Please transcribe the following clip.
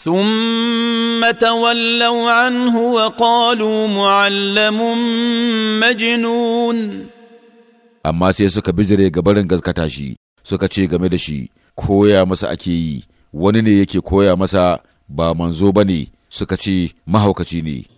ثم تولوا عنه وقالوا معلم مجنون amma sai suka bijire ga barin gaskata shi suka ce game da shi koya masa ake yi wani ne yake koya masa ba manzo ba ne suka ce mahaukaci ne